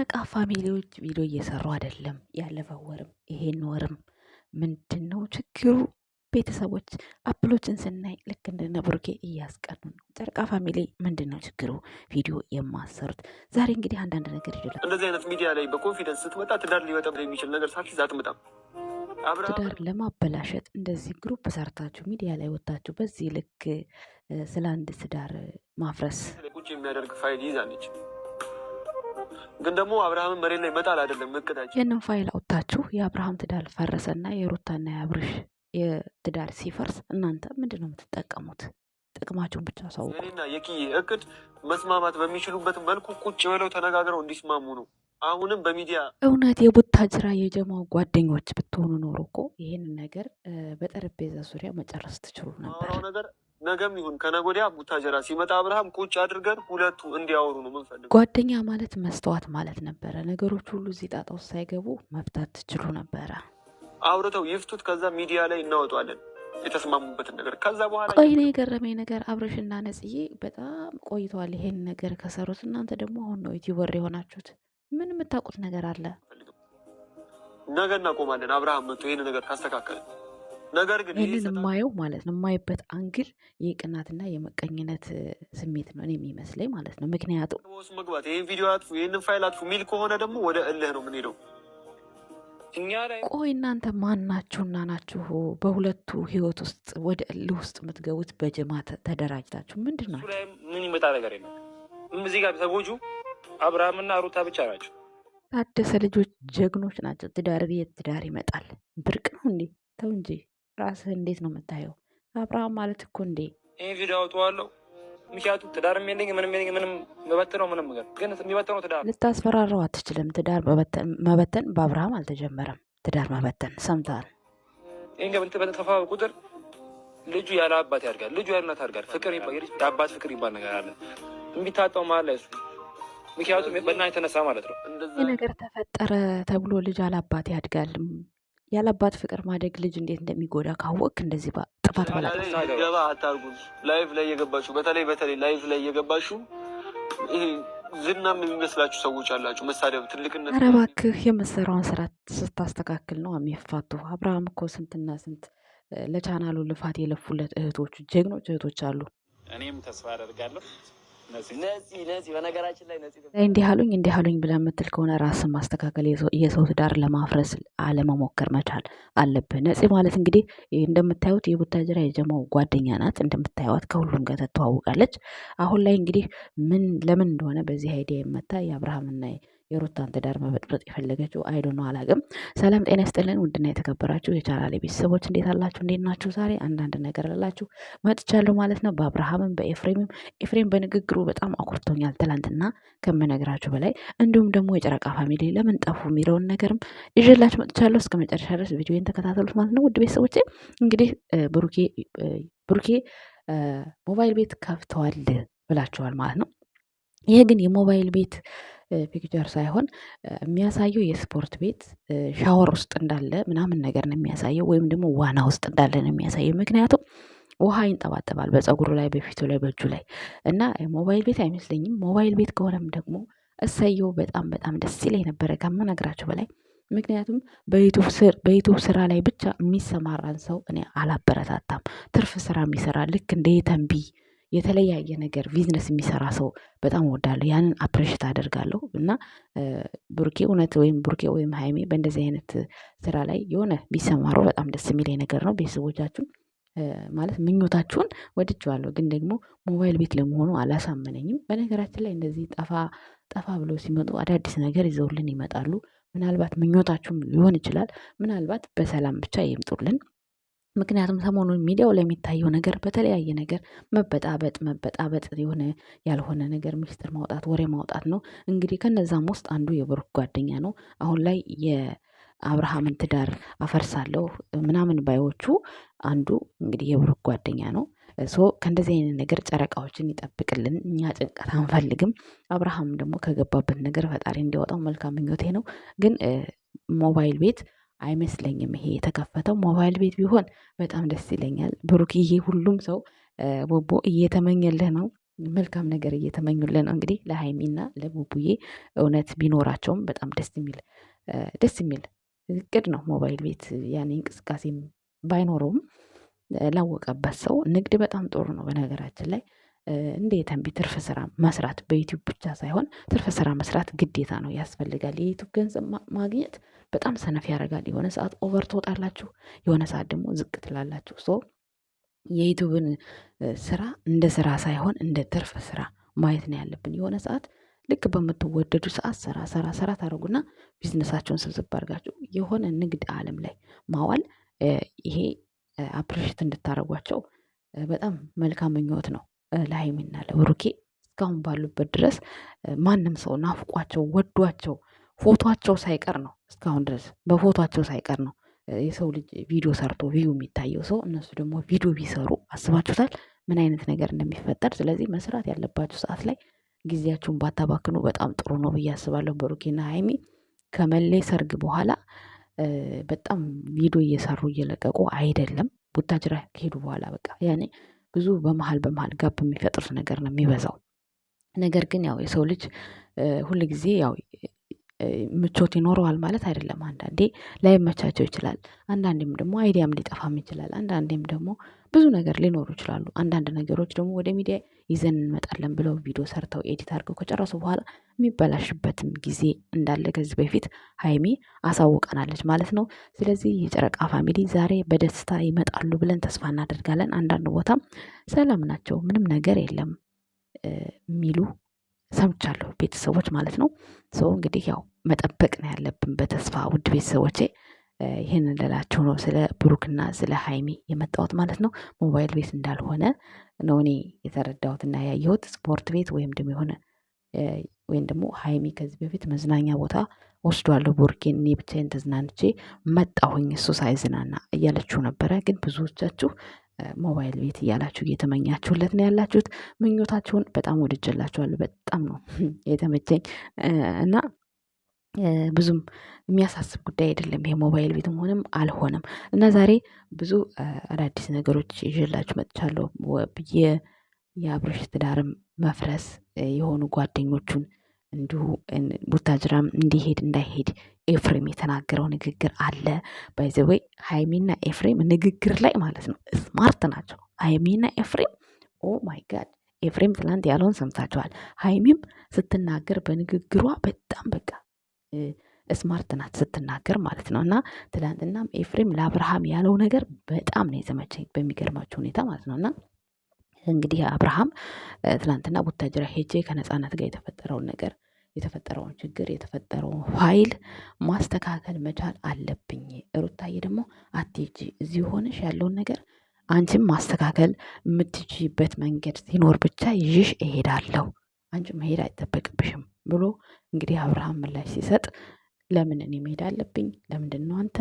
የጨረቃ ፋሚሊዎች ቪዲዮ እየሰሩ አይደለም። ያለፈው ወርም ይሄን ወርም ምንድን ነው ችግሩ? ቤተሰቦች አፕሎችን ስናይ ልክ እንደነ ብሩኬ እያስቀኑ ነው። ጨረቃ ፋሚሊ ምንድን ነው ችግሩ? ቪዲዮ የማሰሩት ዛሬ እንግዲህ አንዳንድ ነገር ይላል። እንደዚህ አይነት ሚዲያ ላይ በኮንፊደንስ ስትመጣ ትዳር ሊመጣ የሚችል ነገር ሳትይዝ አትመጣም። ትዳር ለማበላሸት እንደዚህ ግሩፕ ሰርታችሁ ሚዲያ ላይ ወጣችሁ በዚህ ልክ ስለ አንድ ትዳር ማፍረስ ቁጭ የሚያደርግ ፋይል ይዛለች። ግን ደግሞ አብርሃምን መሬት ላይ መጣል አይደለም እቅዳቸው። ይህንን ፋይል አውጥታችሁ የአብርሃም ትዳር ፈረሰና የሩታና የአብርሽ የትዳር ሲፈርስ እናንተ ምንድን ነው የምትጠቀሙት? ጥቅማችሁን ብቻ ሰው እኔና የቂ እቅድ መስማማት በሚችሉበት መልኩ ቁጭ ብለው ተነጋግረው እንዲስማሙ ነው። አሁንም በሚዲያ እውነት የቡታጅራ የጀማው ጓደኞች ብትሆኑ ኖሮ እኮ ይህን ነገር በጠረጴዛ ዙሪያ መጨረስ ትችሉ ነበር። ነገር ነገም ይሁን ከነጎዲያ ቡታጀራ ሲመጣ አብርሃም ቁጭ አድርገን ሁለቱ እንዲያወሩ ነው ምንፈልግ። ጓደኛ ማለት መስተዋት ማለት ነበረ። ነገሮች ሁሉ እዚህ ጣጣ ውስጥ ሳይገቡ መፍታት ትችሉ ነበረ። አውርተው ይፍቱት፣ ከዛ ሚዲያ ላይ እናወጣለን የተስማሙበትን ነገር ከዛ በኋላ ቆይ እኔ የገረመኝ ነገር አብረሽና ነጽዬ በጣም ቆይተዋል ይሄን ነገር ከሰሩት። እናንተ ደግሞ አሁን ነው ዩቲዩበር የሆናችሁት። ምን የምታውቁት ነገር አለ? ነገ እናቆማለን። አብርሃም መጥቶ ይህን ነገር ካስተካከለ ይህንን የማየው ማለት ነው የማይበት አንግል የቅናትና የመቀኝነት ስሜት ነው እኔ የሚመስለኝ ማለት ነው። ምክንያቱም መግባት ይህን ቪዲዮ አጥፉ፣ ይህንን ፋይል አጥፉ ሚል ከሆነ ደግሞ ወደ እልህ ነው የምንሄደው። ቆይ እናንተ ማን ናችሁና ናችሁ በሁለቱ ህይወት ውስጥ ወደ እልህ ውስጥ የምትገቡት? በጀማ ተደራጅታችሁ ምንድን ናችሁ? ምን ይመጣ ነገር የለም። እዚህ ጋር ተጎጁ አብርሃምና ሩታ ብቻ ናቸው። ታደሰ ልጆች ጀግኖች ናቸው። ትዳር ቤት ትዳር ይመጣል። ብርቅ ነው እንዴ? ተው እንጂ ራስህ እንዴት ነው የምታየው? አብርሃም ማለት እኮ እንዴ ይህ ቪዲዮ አውጠዋለሁ። ምክንያቱ ትዳር የለኝ ምንም የለኝ ምንም መበተነው ምንም ነገር ግን የሚበተነው ትዳር ልታስፈራረው አትችልም። ትዳር መበተን በአብርሃም አልተጀመረም። ትዳር መበተን ሰምተሃል። ይህ ገብ በተፋ ቁጥር ልጁ ያለ አባት ያድጋል። ልጁ ያለ እናት ያድጋል። ፍቅር የአባት ፍቅር ይባል ነገር አለ። የሚታጣው መሀል ላይ እሱ ምክንያቱም በና የተነሳ ማለት ነው ይህ ነገር ተፈጠረ ተብሎ ልጅ አላባት ያድጋል ያለአባት ፍቅር ማደግ ልጅ እንዴት እንደሚጎዳ ካወቅ እንደዚህ ጥፋት ባላገባ አታርጉት። ላይፍ ላይ እየገባችሁ በተለይ በተለይ ላይፍ ላይ እየገባችሁ ዝናም የሚመስላችሁ ሰዎች አላችሁ። መሳደብ ትልቅነት። ኧረ እባክህ የምትሰራውን ስራ ስታስተካክል ነው የሚፋቱ። አብርሃም እኮ ስንትና ስንት ለቻናሉ ልፋት የለፉለት እህቶቹ ጀግኖች እህቶች አሉ። እኔም ተስፋ አደርጋለሁ እንዲህ አሉኝ እንዲህ አሉኝ ብለህ የምትል ከሆነ ራስን ማስተካከል፣ የሰው ትዳር ለማፍረስ አለመሞከር መቻል አለብህ። ነፂ ማለት እንግዲህ እንደምታዩት የቡታጅራ የጀማው ጓደኛ ናት። እንደምታዩት ከሁሉም ጋር ተተዋውቃለች። አሁን ላይ እንግዲህ ምን ለምን እንደሆነ በዚህ አይዲያ የመታ የአብርሃምና የሩታን ትዳር መበጥበጥ የፈለገችው አይዶ ነው አላግም። ሰላም ጤና ይስጥልን ውድና የተከበራችሁ የቻናሌ ቤተሰቦች እንዴት አላችሁ? እንዴት ናችሁ? ዛሬ አንዳንድ ነገር ላላችሁ መጥቻለሁ ማለት ነው። በአብርሃምም በኤፍሬምም ኤፍሬም በንግግሩ በጣም አኩርቶኛል ትላንትና ከምነግራችሁ በላይ እንዲሁም ደግሞ የጨረቃ ፋሚሊ ለምን ጠፉ የሚለውን ነገርም ይዤላችሁ መጥቻለሁ። እስከ መጨረሻ ድረስ ቪዲዮን ተከታተሉት ማለት ነው። ውድ ቤተሰቦቼ እንግዲህ ብሩኬ ብሩኬ ሞባይል ቤት ከፍተዋል ብላችኋል ማለት ነው። ይህ ግን የሞባይል ቤት ፒክቸር ሳይሆን የሚያሳየው የስፖርት ቤት ሻወር ውስጥ እንዳለ ምናምን ነገር ነው የሚያሳየው፣ ወይም ደግሞ ዋና ውስጥ እንዳለ ነው የሚያሳየው። ምክንያቱም ውሃ ይንጠባጠባል በፀጉሩ ላይ፣ በፊቱ ላይ፣ በእጁ ላይ እና ሞባይል ቤት አይመስለኝም። ሞባይል ቤት ከሆነም ደግሞ እሰየው በጣም በጣም ደስ ይለኝ ነበረ ከምነግራችሁ በላይ ምክንያቱም በዩቱብ ስራ ላይ ብቻ የሚሰማራን ሰው እኔ አላበረታታም። ትርፍ ስራ የሚሰራ ልክ እንደ የተንቢ የተለያየ ነገር ቢዝነስ የሚሰራ ሰው በጣም ወዳለሁ ያንን አፕሬሽት አደርጋለሁ እና ብሩኬ እውነት ወይም ብሩኬ ወይም ሀይሜ በእንደዚህ አይነት ስራ ላይ የሆነ ቢሰማሩ በጣም ደስ የሚል ነገር ነው። ቤተሰቦቻችሁን ማለት ምኞታችሁን ወድችዋለሁ፣ ግን ደግሞ ሞባይል ቤት ለመሆኑ አላሳመነኝም። በነገራችን ላይ እንደዚህ ጠፋ ጠፋ ብለው ሲመጡ አዳዲስ ነገር ይዘውልን ይመጣሉ። ምናልባት ምኞታችሁም ሊሆን ይችላል ምናልባት በሰላም ብቻ ይምጡልን ምክንያቱም ሰሞኑን ሚዲያው ላይ የሚታየው ነገር በተለያየ ነገር መበጣበጥ መበጣበጥ የሆነ ያልሆነ ነገር ሚስጥር ማውጣት ወሬ ማውጣት ነው። እንግዲህ ከነዛም ውስጥ አንዱ የብሩክ ጓደኛ ነው። አሁን ላይ የአብርሃምን ትዳር አፈርሳለሁ ምናምን ባዮቹ አንዱ እንግዲህ የብሩክ ጓደኛ ነው። ሶ ከእንደዚህ አይነት ነገር ጨረቃዎችን ይጠብቅልን። እኛ ጭንቀት አንፈልግም። አብርሃም ደግሞ ከገባበት ነገር ፈጣሪ እንዲያወጣው መልካም ምኞቴ ነው። ግን ሞባይል ቤት አይመስለኝም። ይሄ የተከፈተው ሞባይል ቤት ቢሆን በጣም ደስ ይለኛል። ብሩክዬ ሁሉም ሰው ቦቦ እየተመኘልህ ነው መልካም ነገር እየተመኙልን ነው። እንግዲህ ለሀይሚና ለቡቡዬ እውነት ቢኖራቸውም በጣም ደስ የሚል ደስ የሚል እቅድ ነው። ሞባይል ቤት ያኔ እንቅስቃሴም ባይኖረውም ላወቀበት ሰው ንግድ በጣም ጥሩ ነው። በነገራችን ላይ እንደ የተንቢ ትርፍ ስራ መስራት በዩቲዩብ ብቻ ሳይሆን ትርፍ ስራ መስራት ግዴታ ነው፣ ያስፈልጋል። የዩቲዩብ ገንዘብ ማግኘት በጣም ሰነፍ ያደርጋል። የሆነ ሰዓት ኦቨር ትወጣላችሁ፣ የሆነ ሰዓት ደግሞ ዝቅ ትላላችሁ። ሶ የዩቱብን ስራ እንደ ስራ ሳይሆን እንደ ትርፍ ስራ ማየት ነው ያለብን። የሆነ ሰዓት ልክ በምትወደዱ ሰዓት ስራ ስራ ስራ ታደርጉና ቢዝነሳቸውን ስብስብ አድርጋችሁ የሆነ ንግድ አለም ላይ ማዋል ይሄ አፕሬሽት እንድታደርጓቸው በጣም መልካም ምኞት ነው። ለሀይሚና ለብሩኬ እስካሁን ባሉበት ድረስ ማንም ሰው ናፍቋቸው ወዷቸው ፎቷቸው ሳይቀር ነው እስካሁን ድረስ በፎቷቸው ሳይቀር ነው የሰው ልጅ ቪዲዮ ሰርቶ ቪዩ የሚታየው ሰው እነሱ ደግሞ ቪዲዮ ቢሰሩ አስባችሁታል ምን አይነት ነገር እንደሚፈጠር። ስለዚህ መስራት ያለባችሁ ሰዓት ላይ ጊዜያችሁን ባታባክኑ በጣም ጥሩ ነው ብዬ አስባለሁ። ብሩኬና ሀይሚ ከመሌ ሰርግ በኋላ በጣም ቪዲዮ እየሰሩ እየለቀቁ አይደለም። ቡታጅራ ከሄዱ በኋላ በቃ ያኔ ብዙ በመሀል በመሀል ጋብ የሚፈጥሩት ነገር ነው የሚበዛው። ነገር ግን ያው የሰው ልጅ ሁል ጊዜ ያው ምቾት ይኖረዋል ማለት አይደለም። አንዳንዴ ላይመቻቸው ይችላል አንዳንዴም ደግሞ አይዲያም ሊጠፋም ይችላል አንዳንዴም ደግሞ ብዙ ነገር ሊኖሩ ይችላሉ። አንዳንድ ነገሮች ደግሞ ወደ ሚዲያ ይዘን እንመጣለን ብለው ቪዲዮ ሰርተው ኤዲት አድርገው ከጨረሱ በኋላ የሚበላሽበትም ጊዜ እንዳለ ከዚህ በፊት ሀይሚ አሳውቀናለች ማለት ነው። ስለዚህ የጨረቃ ፋሚሊ ዛሬ በደስታ ይመጣሉ ብለን ተስፋ እናደርጋለን። አንዳንድ ቦታም ሰላም ናቸው፣ ምንም ነገር የለም የሚሉ ሰምቻለሁ ቤተሰቦች ማለት ነው። ሰው እንግዲህ ያው መጠበቅ ነው ያለብን በተስፋ ውድ ቤተሰቦቼ ይህን ልላቸው ነው ስለ ብሩክና ስለ ሀይሚ የመጣሁት ማለት ነው። ሞባይል ቤት እንዳልሆነ ነው እኔ የተረዳሁትና ያየሁት። ስፖርት ቤት ወይም ደሞ የሆነ ወይም ደግሞ ሀይሚ ከዚህ በፊት መዝናኛ ቦታ ወስዷለሁ ቡርጌን እኔ ብቻዬን ተዝናንቼ መጣሁኝ እሱ ሳይዝናና እያለችው ነበረ። ግን ብዙዎቻችሁ ሞባይል ቤት እያላችሁ እየተመኛችሁለት ነው ያላችሁት። ምኞታችሁን በጣም ወድጀላችኋለሁ። በጣም ነው የተመቸኝ እና ብዙም የሚያሳስብ ጉዳይ አይደለም። ይሄ ሞባይል ቤትም ሆነም አልሆነም እና ዛሬ ብዙ አዳዲስ ነገሮች ይዤላችሁ መጥቻለሁ ብዬ የአብርሽ ትዳርም መፍረስ የሆኑ ጓደኞቹን እንዲሁ ቡታጅራም እንዲሄድ እንዳይሄድ ኤፍሬም የተናገረው ንግግር አለ። ባይዘወይ ዘ ኤፍሬም ንግግር ላይ ማለት ነው ስማርት ናቸው። ሀይሚና ኤፍሬም ኦ ማይ ጋድ ኤፍሬም ትላንት ያለውን ሰምታችኋል። ሃይሚም ስትናገር በንግግሯ በጣም በቃ ስማርት ናት ስትናገር ማለት ነው። እና ትላንትናም ኤፍሬም ለአብርሃም ያለው ነገር በጣም ነው የዘመቸኝ በሚገርማችሁ ሁኔታ ማለት ነው። እና እንግዲህ አብርሃም ትላንትና ቡታጅራ ሄጄ ከነፃነት ጋር የተፈጠረውን ነገር የተፈጠረውን ችግር የተፈጠረውን ፋይል ማስተካከል መቻል አለብኝ። ሩታዬ ደግሞ አትሄጂ፣ እዚህ ሆነሽ ያለውን ነገር አንቺም ማስተካከል የምትችይበት መንገድ ሲኖር ብቻ ይዤሽ እሄዳለሁ። አንቺ መሄድ አይጠበቅብሽም ብሎ እንግዲህ አብርሃም ምላሽ ሲሰጥ ለምን እኔ መሄድ አለብኝ? ለምንድን ነው አንተ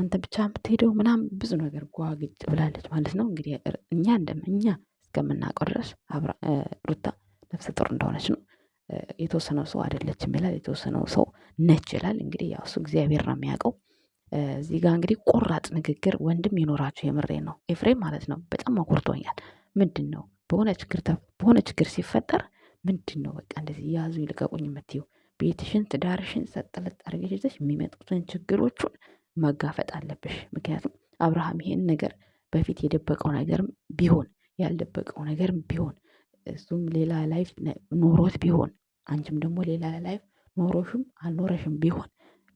አንተ ብቻ የምትሄደው? ምናምን ብዙ ነገር ጓግጭ ብላለች ማለት ነው። እንግዲህ እኛ እንደም እኛ እስከምናውቀው ድረስ ሩታ ነፍሰ ጡር እንደሆነች ነው። የተወሰነው ሰው አይደለችም ይላል፣ የተወሰነው ሰው ነች ይላል። እንግዲህ ያው እሱ እግዚአብሔር ነው የሚያውቀው። እዚህ ጋር እንግዲህ ቆራጥ ንግግር ወንድም ይኖራቸው የምሬ ነው ኤፍሬም ማለት ነው። በጣም አኩርቶኛል። ምንድን ነው በሆነ ችግር በሆነ ችግር ሲፈጠር ምንድን ነው በቃ እንደዚህ ያዙ ይልቀቁኝ የምትይው? ቤትሽን ትዳርሽን ሰጥለጥ አድርገሽ ይዘሽ የሚመጡትን ችግሮቹን መጋፈጥ አለብሽ። ምክንያቱም አብርሃም ይሄን ነገር በፊት የደበቀው ነገርም ቢሆን ያልደበቀው ነገርም ቢሆን እሱም ሌላ ላይፍ ኖሮት ቢሆን አንቺም ደግሞ ሌላ ላይፍ ኖሮሽም አልኖረሽም ቢሆን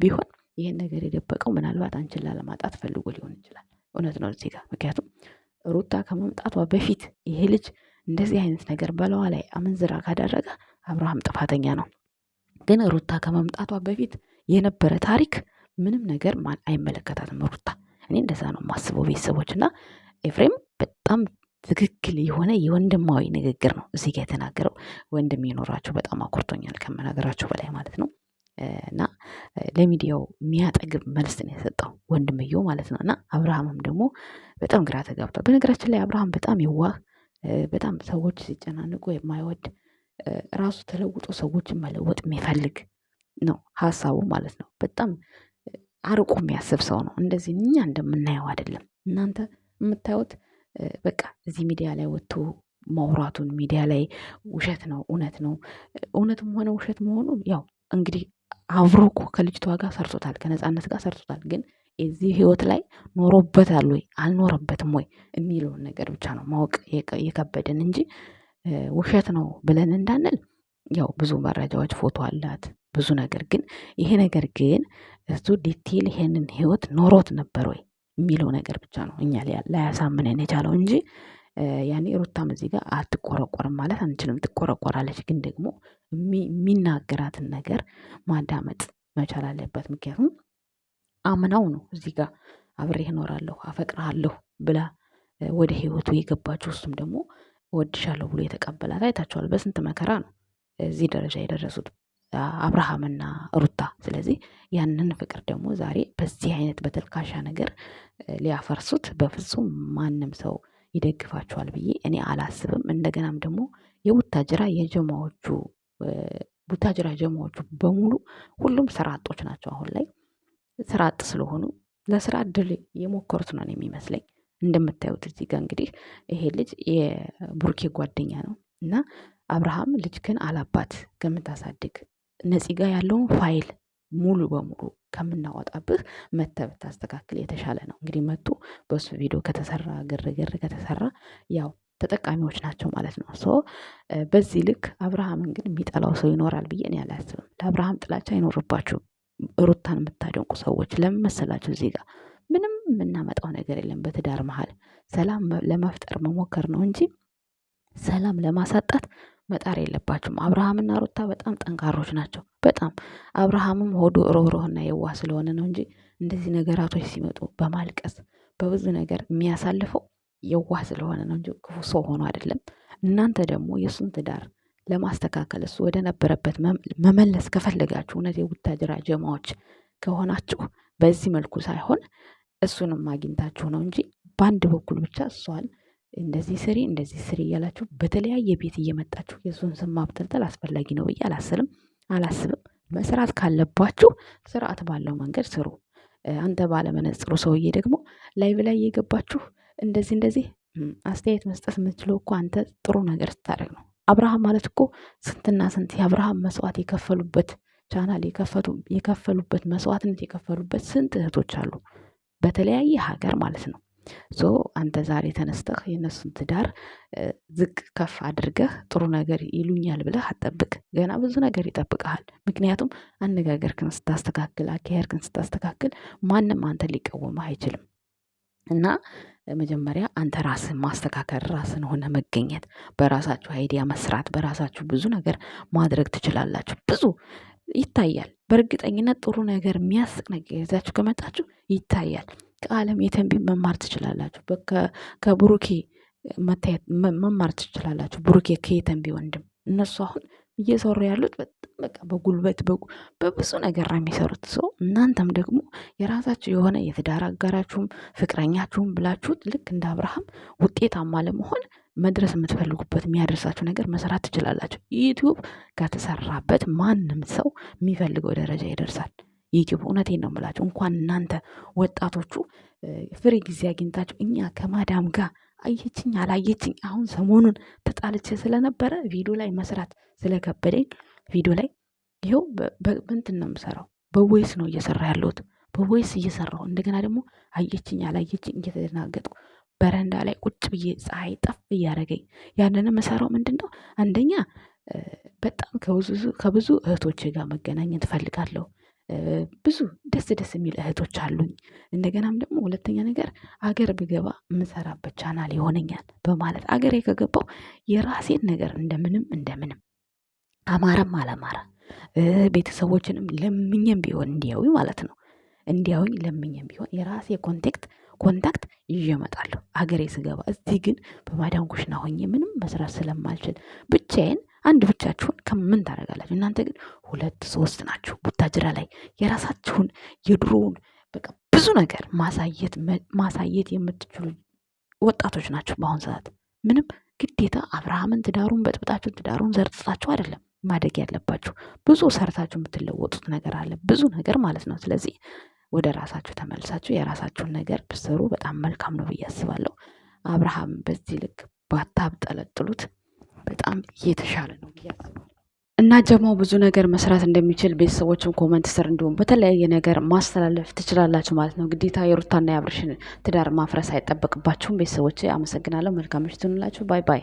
ቢሆን ይህን ነገር የደበቀው ምናልባት አንቺን ላለማጣት ፈልጎ ሊሆን ይችላል። እውነት ነው ዜጋ። ምክንያቱም ሩታ ከመምጣቷ በፊት ይሄ ልጅ እንደዚህ አይነት ነገር በለዋ ላይ አመንዝራ ካደረገ አብርሃም ጥፋተኛ ነው። ግን ሩታ ከመምጣቷ በፊት የነበረ ታሪክ ምንም ነገር ማን አይመለከታትም ሩታ። እኔ እንደዛ ነው የማስበው። ቤተሰቦች እና ኤፍሬም በጣም ትክክል የሆነ የወንድማዊ ንግግር ነው እዚህ ጋ የተናገረው። ወንድም ይኖራቸው በጣም አኩርቶኛል ከመናገራቸው በላይ ማለት ነው። እና ለሚዲያው የሚያጠግብ መልስ ነው የሰጠው ወንድምየው ማለት ነው። እና አብርሃምም ደግሞ በጣም ግራ ተጋብቷል። በነገራችን ላይ አብርሃም በጣም ይዋህ በጣም ሰዎች ሲጨናንቁ የማይወድ ራሱ ተለውጦ ሰዎችን መለወጥ የሚፈልግ ነው ሀሳቡ ማለት ነው። በጣም አርቆ የሚያስብ ሰው ነው። እንደዚህ እኛ እንደምናየው አይደለም። እናንተ የምታዩት በቃ እዚህ ሚዲያ ላይ ወጥቶ ማውራቱን ሚዲያ ላይ ውሸት ነው እውነት ነው እውነትም ሆነ ውሸት መሆኑን ያው እንግዲህ አብሮ እኮ ከልጅቷ ጋር ሰርቶታል ከነፃነት ጋር ሰርቶታል ግን የዚህ ህይወት ላይ ኖሮበታል ወይ አልኖረበትም ወይ የሚለውን ነገር ብቻ ነው ማወቅ የከበደን እንጂ ውሸት ነው ብለን እንዳንል ያው ብዙ መረጃዎች ፎቶ አላት ብዙ ነገር ግን ይሄ ነገር ግን እሱ ዲቴል ይሄንን ህይወት ኖሮት ነበር ወይ የሚለው ነገር ብቻ ነው እኛ ላያሳምነን የቻለው እንጂ ያኔ ሩታም እዚህ ጋር አትቆረቆርም ማለት አንችልም። ትቆረቆራለች፣ ግን ደግሞ የሚናገራትን ነገር ማዳመጥ መቻል አለበት። ምክንያቱም አምናው ነው እዚህ ጋር አብሬህ እኖራለሁ አፈቅርሃለሁ ብላ ወደ ህይወቱ የገባችው እሱም ደግሞ ወድሻለሁ ብሎ የተቀበላት አይታችኋል። በስንት መከራ ነው እዚህ ደረጃ የደረሱት አብርሃምና ሩታ። ስለዚህ ያንን ፍቅር ደግሞ ዛሬ በዚህ አይነት በተልካሻ ነገር ሊያፈርሱት በፍጹም ማንም ሰው ይደግፋቸዋል ብዬ እኔ አላስብም። እንደገናም ደግሞ የቡታጅራ የጀማዎቹ ቡታጅራ ጀማዎቹ በሙሉ ሁሉም ስራ አጦች ናቸው አሁን ላይ። ስራ አጥ ስለሆኑ ለስራ እድል የሞከሩት ነው የሚመስለኝ። እንደምታዩት እዚህ ጋር እንግዲህ ይሄ ልጅ የቡርኬ ጓደኛ ነው እና አብርሃም ግን አላባት ከምታሳድግ ነፂ ጋር ያለውን ፋይል ሙሉ በሙሉ ከምናወጣብህ መተህ ብታስተካክል የተሻለ ነው። እንግዲህ መቶ በሱ ቪዲዮ ከተሰራ ግርግር ከተሰራ ያው ተጠቃሚዎች ናቸው ማለት ነው። ሶ በዚህ ልክ አብርሃምን ግን የሚጠላው ሰው ይኖራል ብዬ እኔ አላስብም። ለአብርሃም ጥላቻ አይኖርባችሁም። ሩታን የምታደንቁ ሰዎች ለምን መሰላችሁ? እዚህ ጋር ምንም የምናመጣው ነገር የለም። በትዳር መሀል ሰላም ለመፍጠር መሞከር ነው እንጂ ሰላም ለማሳጣት መጣር የለባችሁም። አብርሃምና ሩታ በጣም ጠንካሮች ናቸው። በጣም አብርሃምም ሆዱ ሮሮህና የዋ ስለሆነ ነው እንጂ እንደዚህ ነገራቶች ሲመጡ በማልቀስ በብዙ ነገር የሚያሳልፈው የዋህ ስለሆነ ነው እንጂ ክፉ ሰው ሆኖ አይደለም። እናንተ ደግሞ የእሱን ትዳር ለማስተካከል እሱ ወደ ነበረበት መመለስ ከፈለጋችሁ እውነት የቡታጅራ ጀማዎች ከሆናችሁ በዚህ መልኩ ሳይሆን እሱንም አግኝታችሁ ነው እንጂ በአንድ በኩል ብቻ እሷን እንደዚህ ስሪ እንደዚህ ስሪ እያላችሁ በተለያየ ቤት እየመጣችሁ የእሱን ስም ማብጠልጠል አስፈላጊ ነው ብዬ አላስብም አላስብም። መስራት ካለባችሁ ስርዓት ባለው መንገድ ስሩ። አንተ ባለመነጽሩ ሰውዬ ደግሞ ላይ ላይ የገባችሁ እንደዚህ እንደዚህ አስተያየት መስጠት የምትችለው እኮ አንተ ጥሩ ነገር ስታደርግ ነው። አብርሃም ማለት እኮ ስንትና ስንት የአብርሃም መስዋዕት የከፈሉበት ቻናል የከፈሉበት መስዋዕትነት የከፈሉበት ስንት እህቶች አሉ፣ በተለያየ ሀገር ማለት ነው። ሶ አንተ ዛሬ ተነስተህ የእነሱን ትዳር ዝቅ ከፍ አድርገህ ጥሩ ነገር ይሉኛል ብለህ አጠብቅ። ገና ብዙ ነገር ይጠብቀሃል። ምክንያቱም አነጋገርክን ስታስተካክል፣ አካሄድክን ስታስተካክል ማንም አንተ ሊቃወምህ አይችልም እና መጀመሪያ አንተ ራስን ማስተካከል፣ ራስን ሆነ መገኘት፣ በራሳችሁ አይዲያ መስራት፣ በራሳችሁ ብዙ ነገር ማድረግ ትችላላችሁ። ብዙ ይታያል። በእርግጠኝነት ጥሩ ነገር፣ የሚያስቅ ነገር ይዛችሁ ከመጣችሁ ይታያል። ከዓለም የተንቢን መማር ትችላላችሁ። ከብሩኬ መማር ትችላላችሁ። ብሩኬ ከየተንቢ ወንድም እነሱ አሁን እየሰሩ ያሉት በጣም በቃ በጉልበት በብዙ ነገር ነው የሚሰሩት። ሰው እናንተም ደግሞ የራሳችሁ የሆነ የትዳር አጋራችሁም ፍቅረኛችሁም ብላችሁት ልክ እንደ አብርሃም ውጤታማ ለመሆን መድረስ የምትፈልጉበት የሚያደርሳችሁ ነገር መስራት ትችላላችሁ። ዩቲዩብ ከተሰራበት ማንም ሰው የሚፈልገው ደረጃ ይደርሳል። ዩቲዩብ እውነቴን ነው የምላችሁ። እንኳን እናንተ ወጣቶቹ ፍሬ ጊዜ አግኝታችሁ እኛ ከማዳም ጋር አየችኝ አላየችኝ። አሁን ሰሞኑን ተጣልቼ ስለነበረ ቪዲዮ ላይ መስራት ስለከበደኝ ቪዲዮ ላይ ይኸው በእንትን ነው የምሰራው፣ በቮይስ ነው እየሰራ ያለሁት። በቮይስ እየሰራው እንደገና ደግሞ አየችኝ አላየችኝ እየተደናገጥኩ በረንዳ ላይ ቁጭ ብዬ ፀሐይ ጠፍ እያደረገኝ ያንን መሰራው ምንድን ነው አንደኛ በጣም ከብዙ እህቶች ጋር መገናኘት እፈልጋለሁ። ብዙ ደስ ደስ የሚል እህቶች አሉኝ። እንደገናም ደግሞ ሁለተኛ ነገር አገር ብገባ የምሰራበት ቻናል ይሆነኛል በማለት አገሬ ከገባው የራሴን ነገር እንደምንም እንደምንም አማረም አላማረ ቤተሰቦችንም ለምኝም ቢሆን እንዲያዊ ማለት ነው እንዲያዩኝ ለምኝም ቢሆን የራሴ ኮንቴክት ኮንታክት ይዤ እመጣለሁ። ሀገሬ ስገባ እዚህ ግን በማዳም ኩሽና ሆኜ ምንም መስራት ስለማልችል ብቻዬን አንድ ብቻችሁን ከምን ታደርጋላችሁ? እናንተ ግን ሁለት ሶስት ናችሁ። ቡታጅራ ላይ የራሳችሁን የድሮውን በቃ ብዙ ነገር ማሳየት ማሳየት የምትችሉ ወጣቶች ናቸው። በአሁን ሰዓት ምንም ግዴታ አብርሃምን ትዳሩን በጥብጣችሁ ትዳሩን ዘርጥታችሁ አይደለም ማደግ ያለባችሁ። ብዙ ሰርታችሁ የምትለወጡት ነገር አለ፣ ብዙ ነገር ማለት ነው። ስለዚህ ወደ ራሳችሁ ተመልሳችሁ የራሳችሁን ነገር ብትሰሩ በጣም መልካም ነው ብዬ አስባለሁ። አብርሃም በዚህ ልክ ባታብጠለጥሉት በጣም የተሻለ ነው እና ጀማው ብዙ ነገር መስራት እንደሚችል ቤተሰቦችም ኮመንት ስር እንዲሁም በተለያየ ነገር ማስተላለፍ ትችላላችሁ ማለት ነው። ግዴታ የሩታና የአብርሽን ትዳር ማፍረስ አይጠበቅባችሁም። ቤተሰቦች አመሰግናለሁ። መልካም ምሽት ይሁንላችሁ። ባይ ባይ።